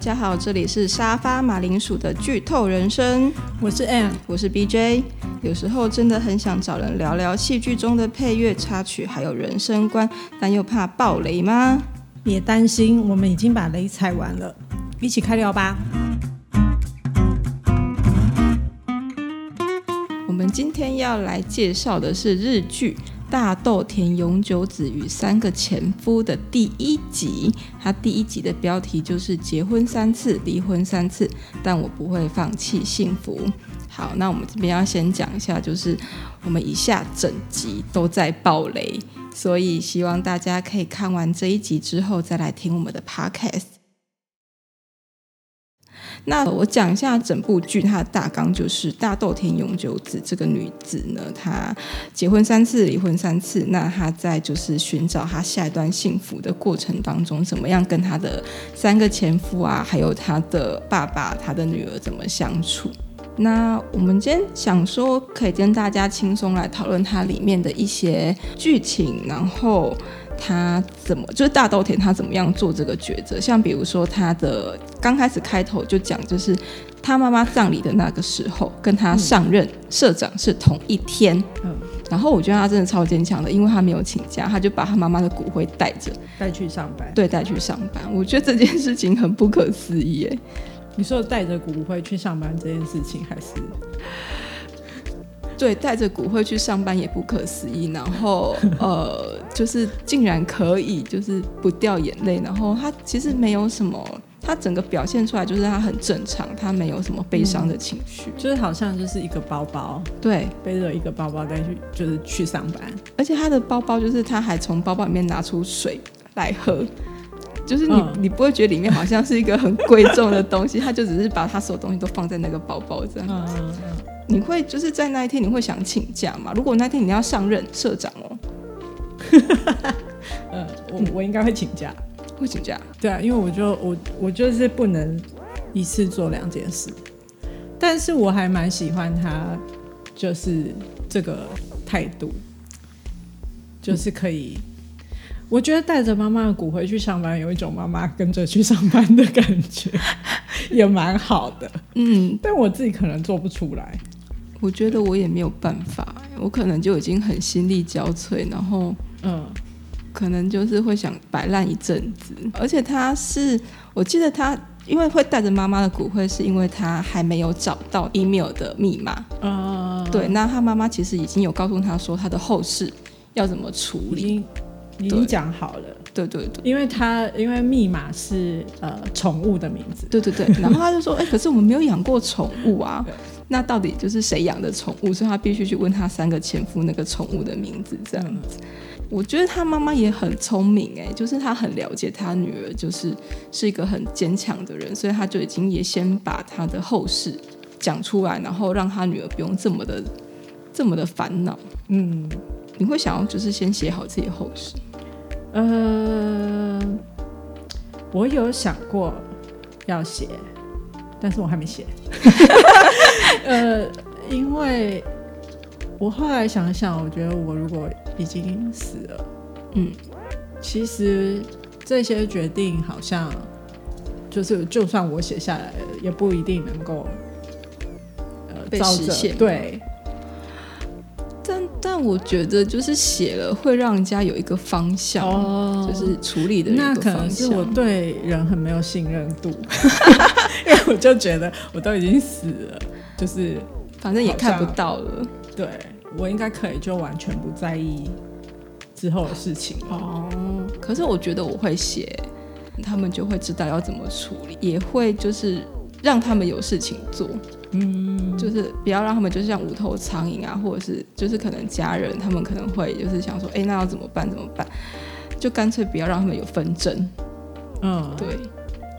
大家好，這裡是沙發馬鈴薯的劇透人生，我是 Ann，我是 BJ。有時候真的很想找人聊聊戲劇中的配樂插曲，還有人生觀，但又怕爆雷嗎？別擔心，我們已經把雷踩完了，一起開聊吧。我們今天要來介紹的是日劇。大豆田永久子與三個前夫的第一集，它第一集的標題就是“結婚三次，離婚三次，但我不會放棄幸福”。好，那我們這邊要先講一下，就是我們以下整集都在爆雷，所以希望大家可以看完這一集之後再來聽我們的 podcast。那我講一下整部劇它的大綱，就是大豆田永久子這個女子呢，她結婚三次，離婚三次。那她在就是尋找她下一段幸福的過程當中，怎麼樣跟她的三個前夫啊，還有她的爸爸、她的女兒怎麼相處？那我們今天想說，可以跟大家輕鬆來討論它裡面的一些劇情，然後。他怎麼就是大豆田？他怎麼樣做這個抉擇？像比如說，他的剛開始開頭就講，就是他媽媽葬禮的那個時候，跟他上任社長是同一天。嗯，然後我覺得他真的超堅強的，因為他沒有請假，他就把他媽媽的骨灰帶着帶去上班。對，帶去上班，我覺得這件事情很不可思議。哎，你說帶着骨灰去上班這件事情，還是？對，帶着骨灰去上班也不可思議，然後呃，就是竟然可以，就是不掉眼淚。然後他其實沒有什麼，他整個表現出來就是他很正常，他沒有什麼悲傷的情緒。嗯，就是好像就是一個包包，對，背着一個包包再去，就是去上班。而且他的包包就是，他還從包包裡面拿出水來喝，就是你、嗯、你不會覺得裡面好像是一個很貴重的東西，他就只是把他所有東西都放在那個包包這樣子。嗯你會就是在那一天你會想請假嗎？如果那天你要上任社長哦， 呃、我我應該會請假，會請假，對啊，因為我就我我就是不能一次做兩件事，但是我還蠻喜歡他，就是這個態度，就是可以、嗯，我覺得帶着媽媽的骨灰上班，有一種媽媽跟着去上班的感覺，也蠻好的，嗯，但我自己可能做不出來。我覺得我也沒有辦法，我可能就已經很心力交瘁，然後嗯，可能就是會想擺爛一陣子。而且他是，我記得他因為會帶着媽媽的骨灰，是因為他還沒有找到 email 的密碼。嗯、oh, oh, oh, oh. 對，那他媽媽其實已經有告訴他說他的後事要怎麼處理，已經講好了。對。對對對，因為他因為密碼是呃寵物的名字，對對對， 然後他就說，哎、欸，可是我們沒有養過寵物啊。 那到底就是誰養的寵物？所以她必須去問她三個前夫那個寵物的名字。這樣子，我覺得她媽媽也很聰明哎、欸，就是她很了解她女兒，就是是一個很堅強的人，所以她就已經也先把她的後事講出來，然後讓她女兒不用這麼的這麼的煩惱。嗯，你會想要就是先寫好自己後事？呃，我有想過要寫。但是我還沒寫， 呃，因為我後來想想，我覺得我如果已經死了，嗯，其實這些決定好像就是，就算我寫下來也不一定能夠呃被實現，對。我覺得就是寫了會讓人家有一個方向，oh, 就是處理的一個方向。那可能是我對人很沒有信任度， 因為我就覺得我都已經死了，就是反正也看不到了。對，我應該可以就完全不在意之後的事情哦。Oh. 可是我覺得我會寫，他們就會知道要怎麼處理，也會就是讓他們有事情做。嗯，就是不要讓他們就是像無頭蒼蠅啊，或者是就是可能家人，他們可能會就是想說，哎、欸，那要怎麼辦？怎麼辦？就乾脆不要讓他們有紛爭。嗯、啊，對。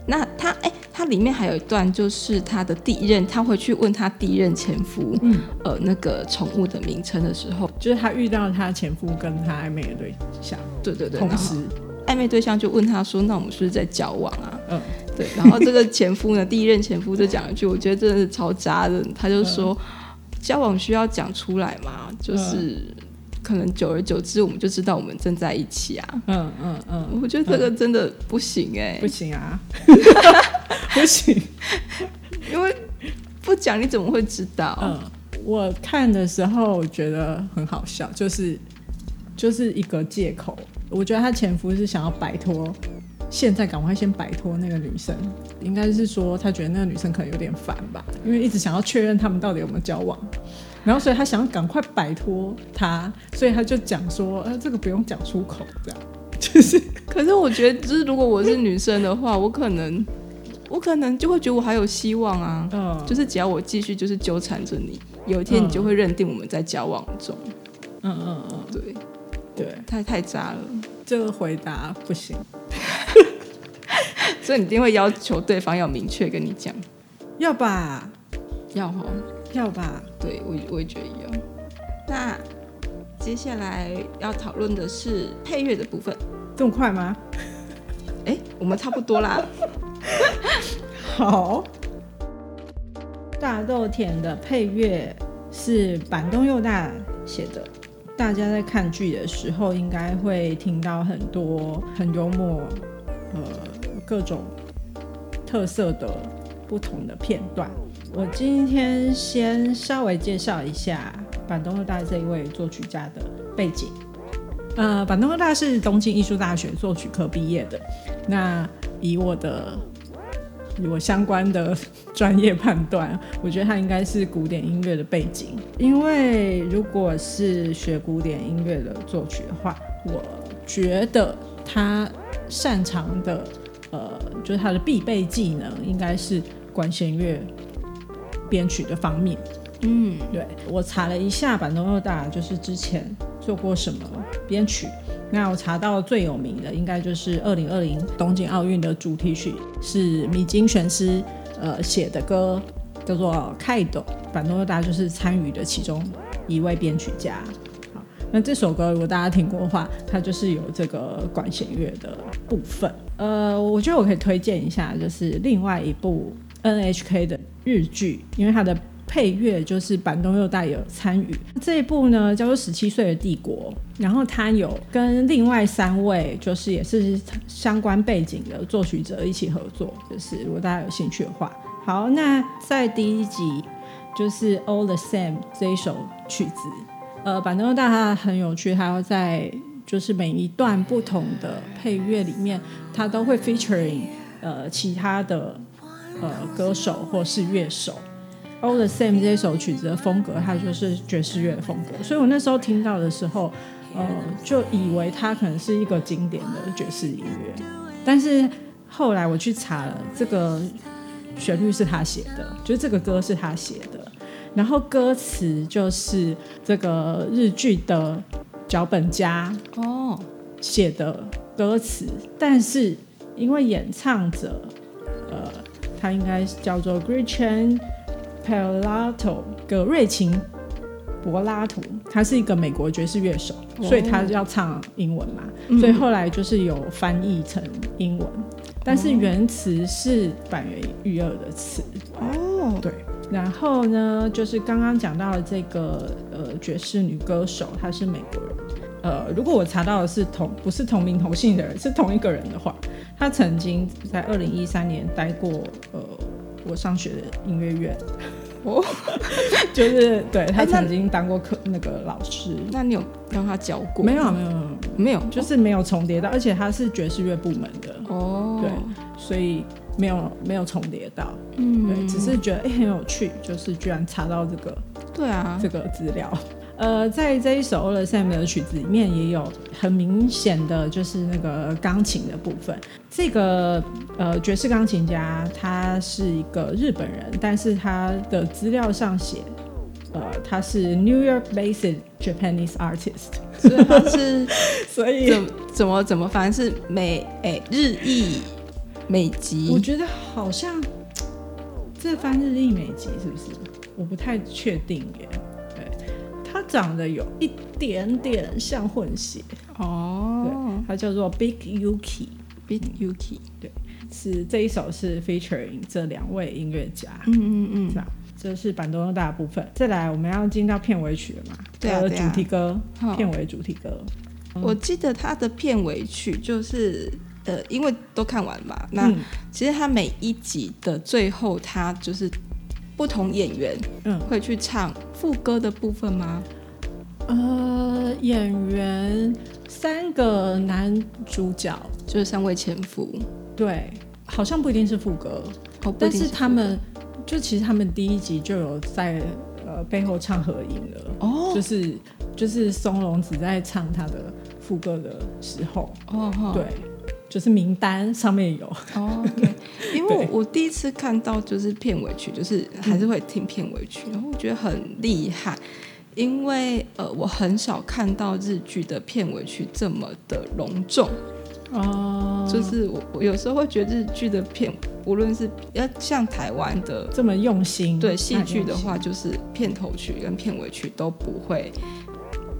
那他哎、欸，他裡面還有一段，就是他的第一任，他回去問他第一任前夫，嗯，呃，那個寵物的名稱的時候，就是他遇到他前夫跟他曖昧的對象，對對對，同時曖昧對象就問他說，那我們是不是在交往啊？嗯。 然後這個前夫呢， 第一任前夫就講了一句，我覺得真的是超渣的。嗯、他就說、嗯，交往需要講出來嘛，就是、嗯、可能久而久之，我們就知道我們正在一起啊。嗯嗯嗯，我覺得這個真的不行哎、欸，不行啊，不行，因為不講你怎麼會知道？嗯，我看的時候覺得很好笑，就是就是一個借口。我覺得他前夫是想要擺脫。現在趕快先擺脫那個女生，應該是說他覺得那個女生可能有點煩吧，因為一直想要確認他們到底有沒有交往，然後所以他想要趕快擺脫他，所以他就講說：“呃，這個不用講出口，這樣。”就是，可是我覺得，就是如果我是女生的話， 我可能，我可能就會覺得我還有希望啊，嗯，就是只要我繼續就是糾纏着你，有一天你就會認定我們在交往中，嗯嗯嗯，嗯，對，對，太太渣了，這個回答不行。所以你一定會要求對方要明確跟你講，要吧？要吼？要吧？對，我我也覺得要。那接下來要討論的是配樂的部分，這麼快嗎？哎、欸，我們差不多啦。 好，大豆田的配樂是坂東祐大寫的。大家在看劇的時候，應該會聽到很多很幽默，呃。各種特色的不同的片段。我今天先稍微介紹一下坂東祐大這一位作曲家的背景。呃，坂東祐大是東京藝術大學作曲科畢業的。那以我的、我相關的專業判斷，我覺得他應該是古典音樂的背景。因為如果是學古典音樂的作曲的話，我覺得他擅長的。呃，就是他的必備技能應該是管弦樂編曲的方面。嗯，對，我查了一下坂東祐大，就是之前做過什麼編曲。那我查到最有名的應該就是二零二零東京奧運的主題曲是米津玄師呃，寫的歌，叫做《Kaido》。坂東祐大就是參與的其中一位編曲家。好，那這首歌如果大家聽過的話，它就是有這個管弦樂的部分。呃，我覺得我可以推薦一下，就是另外一部 NHK 的日劇，因為它的配樂就是坂東祐大有參與這一部呢，叫做《十七歲的帝國》，然後他有跟另外三位就是也是相關背景的作曲者一起合作，就是如果大家有興趣的話，好，那在第一集就是 All the Same 這一首曲子，呃，坂東祐大他很有趣，他要在。就是每一段不同的配樂裡面，它都會 featuring 呃其他的呃歌手或是樂手。All the same 這首曲子的風格，它就是爵士樂的風格。所以我那時候聽到的時候，呃，就以為它可能是一個經典的爵士音樂。但是後來我去查了，這個旋律是他寫的，就是這個歌是他寫的，然後歌詞就是這個日劇的。腳本家寫的歌詞、哦，但是因為演唱者，呃，他應該叫做 Gretchen Parlato，葛瑞琴柏拉圖，他是一個美國爵士樂手，所以他要唱英文嘛、哦，所以後來就是有翻譯成英文，嗯、但是原詞是坂東祐大的詞哦，對，然後呢，就是剛剛講到的這個呃爵士女歌手，她是美國人。呃，如果我查到的是同不是同名同姓的人，是同一個人的話，他曾經在二零一三年待過呃我上學的音樂院，哦， 就是對，他曾經當過課、欸、那個老師，那你有讓他教過？沒有沒有沒有，沒有，就是沒有重疊到、哦，而且他是爵士樂部門的哦，對，所以沒有沒有重疊到，嗯，對，只是覺得哎、欸、很有趣，就是居然查到這個，對啊，這個資料。呃，在這一首 o l e Sam 的曲子裡面，也有很明顯的，就是那個鋼琴的部分。這個呃爵士鋼琴家他是一個日本人，但是他的資料上寫，呃，他是 New York based Japanese artist，所以他是 所以怎，怎麼怎麼翻，是美誒、欸、日裔美籍， 美籍。我覺得好像這番日裔美籍是不是？我不太確定耶。長得有一點點像混血哦，對，他叫做 Big Yuki，Big Yuki，, Big Yuki、嗯、對，是這一首是 featuring 這兩位音樂家，嗯嗯嗯，是吧？這是坂東大的部分，再來我們要進到片尾曲了嘛？對對。主題歌對啊對啊，片尾主題歌、嗯，我記得他的片尾曲就是，呃，因為都看完嘛，那其實他每一集的最後，他就是。不同演員，嗯，會去唱副歌的部分嗎？嗯、呃，演員三個男主角就是三位前夫，對，好像不一定是副歌，哦，是副歌，但是他們就其實他們第一集就有在呃背後唱合音了，哦，就是就是松隆子在唱她的副歌的時候，哦，對。就是名單上面有哦、oh, okay， 因為我第一次看到就是片尾曲，就是還是會聽片尾曲，嗯、然後我覺得很厲害，嗯，因為呃，我很少看到日劇的片尾曲這麼的隆重哦，oh. 就是我我有時候會覺得日劇的片，無論是要像台灣的這麼用心，對戲劇的話，就是片頭曲跟片尾曲都不會。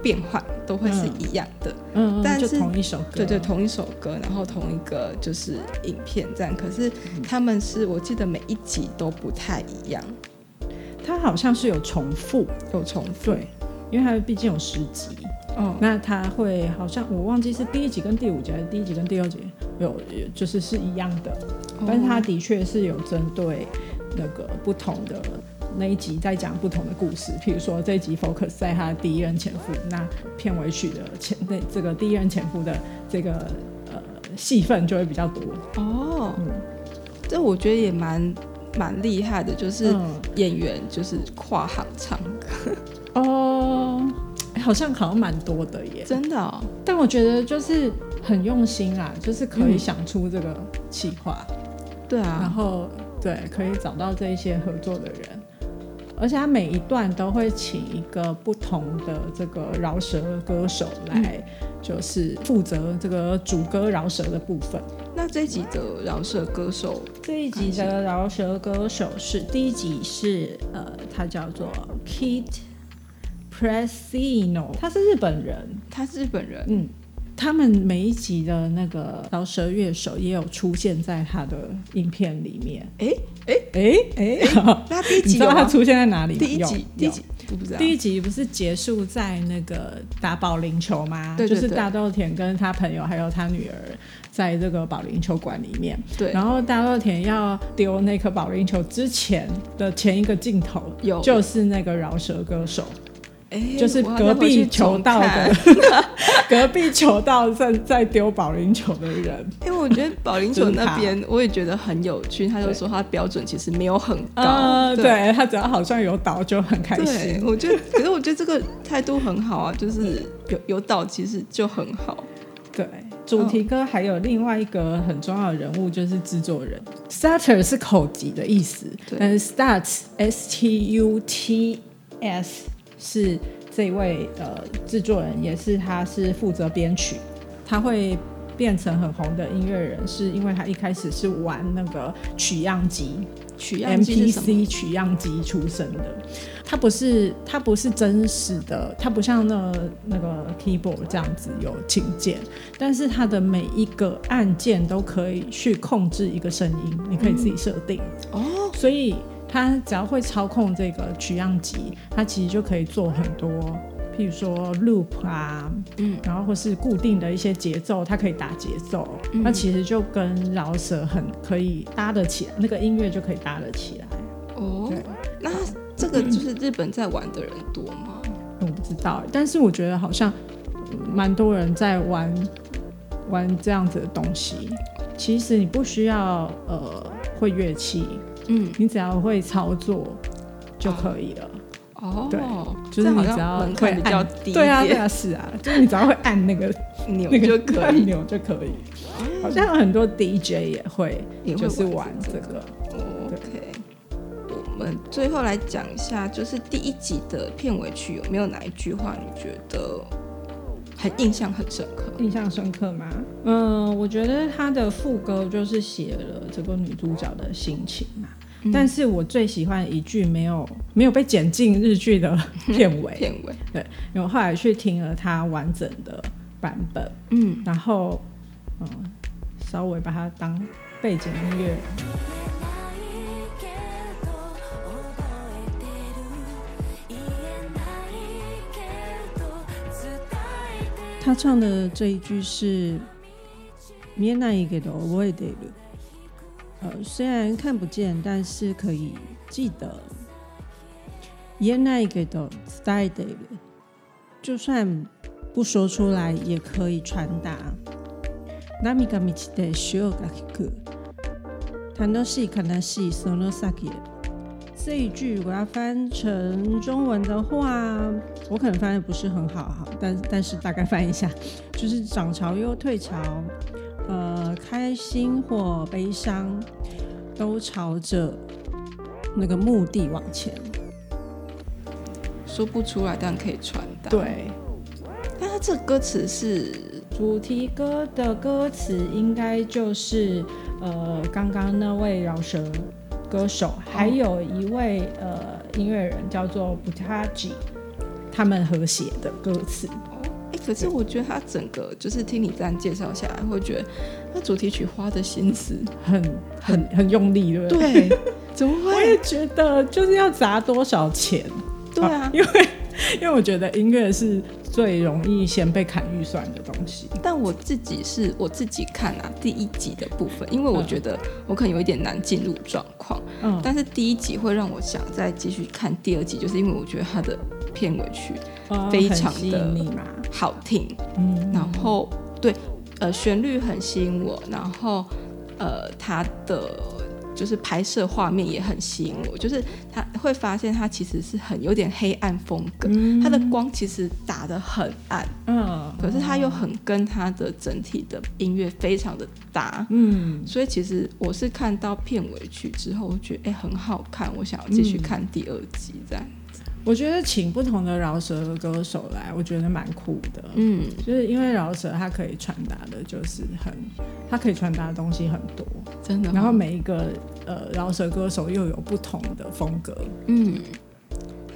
變換都會是一樣的，嗯，但是嗯嗯就同一首歌，對，對對，同一首歌，然後同一個就是影片這樣。可是他們是我記得每一集都不太一樣，它，嗯、好像是有重複，有重複對，因為它畢竟有十集，哦、嗯，那它會好像我忘記是第一集跟第五集，還是第一集跟第二集，有，就是是一樣的，哦、但是它的確是有針對那個不同的。那一集在講不同的故事，譬如說這一集 focus 在他的第一任前夫，那片尾曲的前，那這個第一任前夫的這個呃戲份就會比較多哦、嗯。這我覺得也蠻蠻厲害的，就是演員就是跨行唱歌、嗯、 哦，好像好像蠻多的耶。真的、哦，但我覺得就是很用心啊，就是可以想出這個企劃，嗯、對啊，然後對可以找到這一些合作的人。而且他每一段都會請一個不同的這個饒舌歌手來，就是負責這個主歌饒舌的部分。嗯、那這一集的饒舌歌手，這一集的饒舌歌手是第一集是呃，他叫做 KID FRESINO，他是日本人，他是日本人。嗯，他們每一集的那個饒舌樂手也有出現在他的影片裡面。誒。哎哎哎，那第一集有嗎？你知道他出現在哪裡？第一集，第一集我不知道。第一集不是結束在那個打保齡球嗎？對對對。就是大豆田跟他朋友還有他女兒在這個保齡球館裡面。然後大豆田要丟那顆保齡球之前的前一個鏡頭，就是那個饒舌歌手。就是隔壁球道的，隔壁球道在在丟保齡球的人。因為我覺得保齡球那邊我也覺得很有趣，他就說他標準其實沒有很高，對，他只要好像有倒就很開心。我覺得，可是我覺得這個態度很好啊，就是有有倒其實就很好。對，主題歌還有另外一個很重要的人物就是制作人，Starter 是口級的意思，但是 Starts S T U T S。是這位呃製作人，也是他，是負責編曲。他會變成很紅的音樂人，是因為他一開始是玩那個取樣機，取樣機 MPC 取樣機出身的。他不是，他不是真實的，他不像那個、那個 keyboard 這樣子有琴鍵，但是他的每一個按鍵都可以去控制一個聲音，嗯，你可以自己設定。哦，所以。它只要會操控這個取樣機，它其實就可以做很多，譬如說 loop 啊，嗯，然後或是固定的一些節奏，它可以打節奏、嗯，那其實就跟饒舌很可以搭得起來，那個音樂就可以搭得起來。哦、嗯，那這個就是日本在玩的人多嗎？嗯、我不知道，但是我覺得好像蠻、嗯、多人在玩玩這樣子的東西。其實你不需要呃會樂器。嗯，你只要會操作就可以了。哦，對，哦、就是好像門檻比較低一點，對啊，對啊，是啊，就是你只要會按那個鈕，那個按鈕就可以。好像有很多 DJ 也會，就是玩這個。OK，這個，我們最後來講一下，就是第一集的片尾曲有沒有哪一句話，你覺得？還印象很深刻，印象深刻嗎？嗯，我覺得她的副歌就是寫了這個女主角的心情嘛，啊，嗯。但是我最喜歡一句沒有沒有被剪進日劇的片尾， 片尾對，然後後來去聽了它完整的版本，嗯，然後嗯，稍微把它當背景音樂。他唱的這一句是，見えないけど覚えてる。呃，雖然看不見，但是可以記得。見えないけど伝えている。就算不說出來，也可以傳達。涙みちで幸せく、楽しい悲しいその先へ。這一句我要翻成中文的話，我可能翻的不是很好哈，但是但是大概翻一下，就是漲潮又退潮，呃，開心或悲傷，都朝着那個目的往前，說不出來，但可以傳達。對，但它這個歌詞是主題歌的歌詞，應該就是呃，剛剛那位饒舌。歌手，還有一位呃音樂人叫做 Butaji，他們合寫的歌詞。哎、欸，可是我覺得他整個就是聽你這樣介紹下來，會覺得那主題曲花的心思很、很、很用力，對，對不對？對，怎麼會？我也覺得，就是要砸多少錢？對啊，因為因為我覺得音樂是。最容易先被砍預算的東西。但我自己是我自己看啊，第一集的部分，因為我覺得我可能有一點難進入狀況。嗯，但是第一集會讓我想再繼續看第二集，就是因為我覺得它的片尾曲非常的、哦、很吸引你嘛、好聽。嗯、嗯、嗯，然後對，呃，旋律很吸引我，然後呃，它的。就是拍攝畫面也很吸引我，就是他會發現他其實是很有點黑暗風格，他的光其實打得很暗，嗯，可是他又很跟他的整體的音樂非常的搭，嗯，所以其實我是看到片尾曲之後我覺得哎、欸、很好看，我想要繼續看第二集、嗯、這樣。我覺得請不同的饒舌歌手來，我覺得蠻酷的。嗯，就是因為饒舌他可以傳達的，就是很，他可以傳達的東西很多，真的、哦。然後每一個呃饒舌歌手又有不同的風格。嗯，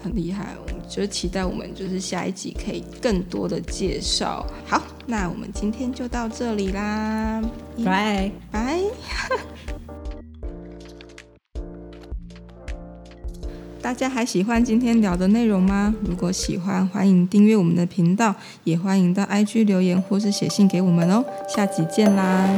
很厲害，我們就期待我們就是下一集可以更多的介紹。好，那我們今天就到這裡啦，拜、yeah, 拜。 大家還喜歡今天聊的內容嗎？如果喜歡，歡迎訂閱我們的頻道，也歡迎到 IG 留言或是寫信給我們哦。下集見啦！